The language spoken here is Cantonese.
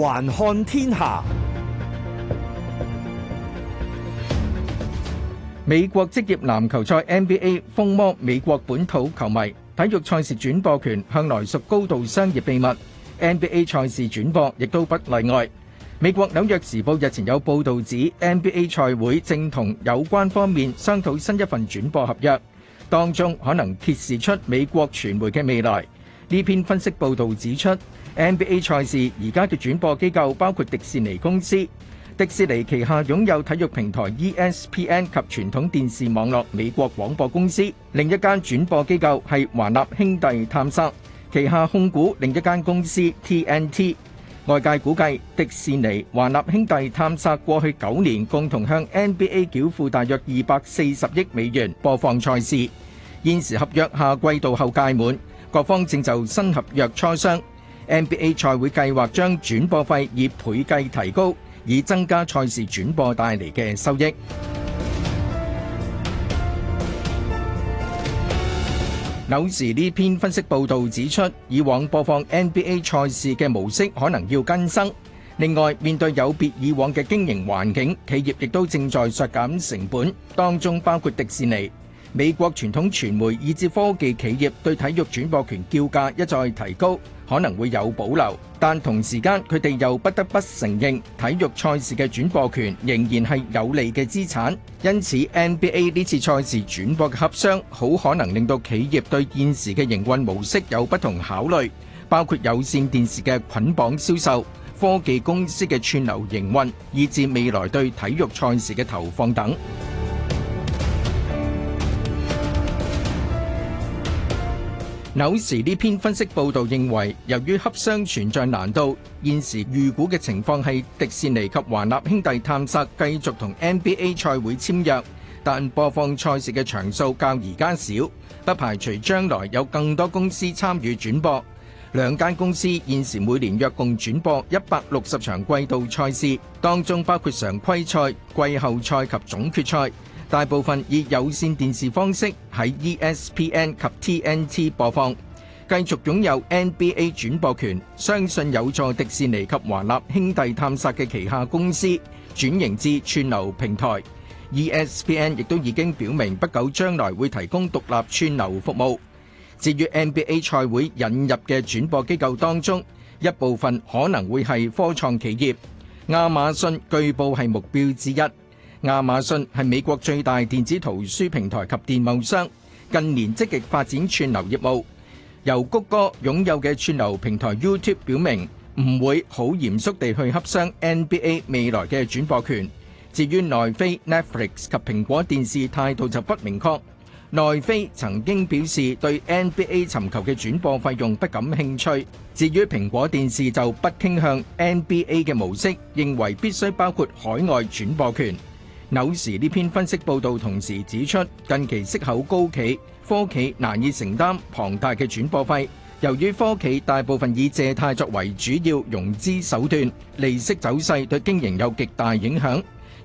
環看天下，美國職業籃球賽 NBA 瘋魔美國本土球迷，體育賽事轉播權向來屬高度商業秘密，NBA 賽事轉播亦都不例外。美國紐約時報日前有報道指，NBA 賽會正同有關方面商討新一份轉播合約，當中可能揭示出美國傳媒嘅未來。呢篇分析報道指出，NBA 賽事而家嘅轉播機構包括迪士尼公司，迪士尼旗下擁有體育平台 ESPN 及傳統電視網絡美國廣播公司。另一間轉播機構係華納兄弟探索旗下控股另一間公司 TNT。外界估計迪士尼、華納兄弟探索過去九年共同向 NBA 繳付大約二百四十億美元播放賽事。現時合約下季度後屆滿，各方正就新合約磋商。NBA 賽會計劃將轉播費以倍計提高，以增加賽事轉播帶嚟嘅收益。紐時呢篇分析報道指出，以往播放 NBA 賽事嘅模式可能要更新。另外，面對有別以往嘅經營環境，企業亦都正在削減成本，當中包括迪士尼。美國傳統傳媒以至科技企業對體育轉播權叫價一再提高，可能會有保留，但同時間佢哋又不得不承認，體育賽事嘅轉播權仍然係有利嘅資產。因此 NBA 呢次賽事轉播嘅洽商，好可能令到企業對現時嘅營運模式有不同考慮，包括有線電視嘅捆綁銷售、科技公司嘅串流營運，以至未來對體育賽事嘅投放等。紐時呢篇分析報導認為，由於洽商存在難度，現時預估嘅情況係迪士尼及華納兄弟探索繼續同 NBA 賽會簽約，但播放賽事嘅場數較而家少，不排除將來有更多公司參與轉播。兩間公司現時每年約共轉播一百六十場季度賽事，當中包括常規賽、季後賽及總決賽。大部分以有線電視方式喺 ESPN 及 TNT 播放，繼續擁有 NBA 轉播權。相信有助迪士尼及華納兄弟探索嘅旗下公司轉型至串流平台。ESPN 亦都已經表明不久將來會提供獨立串流服務。至於 NBA 賽會引入嘅轉播機構當中，一部分可能會係科創企業，亞馬遜據報係目標之一。亞馬遜係美國最大電子圖書平台及電貿商，近年積極發展串流業務。由谷歌擁有嘅串流平台 YouTube 表明，唔會好嚴肅地去洽商 NBA 未來嘅轉播權。至於奈飛 Netflix 及蘋果電視態度就不明確。奈飛曾經表示對 NBA 尋求嘅轉播費用不感興趣，至於蘋果電視就不傾向 NBA 嘅模式，認為必須包括海外轉播權。紐時呢篇分析報道同時指出，近期息口高企，科企難以承擔龐大嘅轉播費。由於科企大部分以借貸作為主要融資手段，利息走勢對經營有極大影響。